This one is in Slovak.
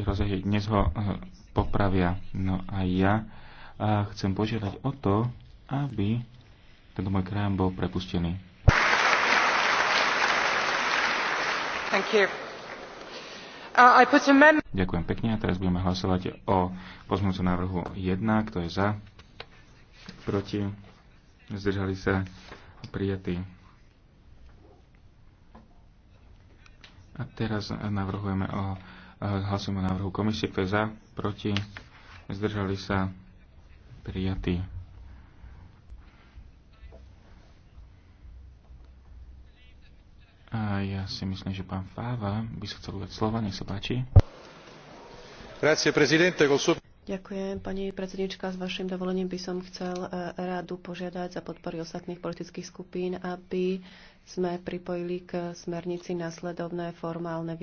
rozehriť, dnes ho eh, popravia. No a ja eh, chcem požiadať o to, aby tento môj krajan bol prepustený. Uh, Ďakujem pekne a teraz budeme hlasovať o pozmúcu návrhu 1, kto je za, proti, zdržali sa prijatí. A teraz navrhujeme o Hlasujeme o návrhu komisie, kto je za, proti, zdržali sa, prijatí. A ja si myslím, že pán Fáva by sa chcel uvedať slova, nech sa páči. Ďakujem, pani predsednička. S vašim dovolením by som chcel e, rádu požiadať za podpory ostatných politických skupín, aby sme pripojili k smernici následovné formálne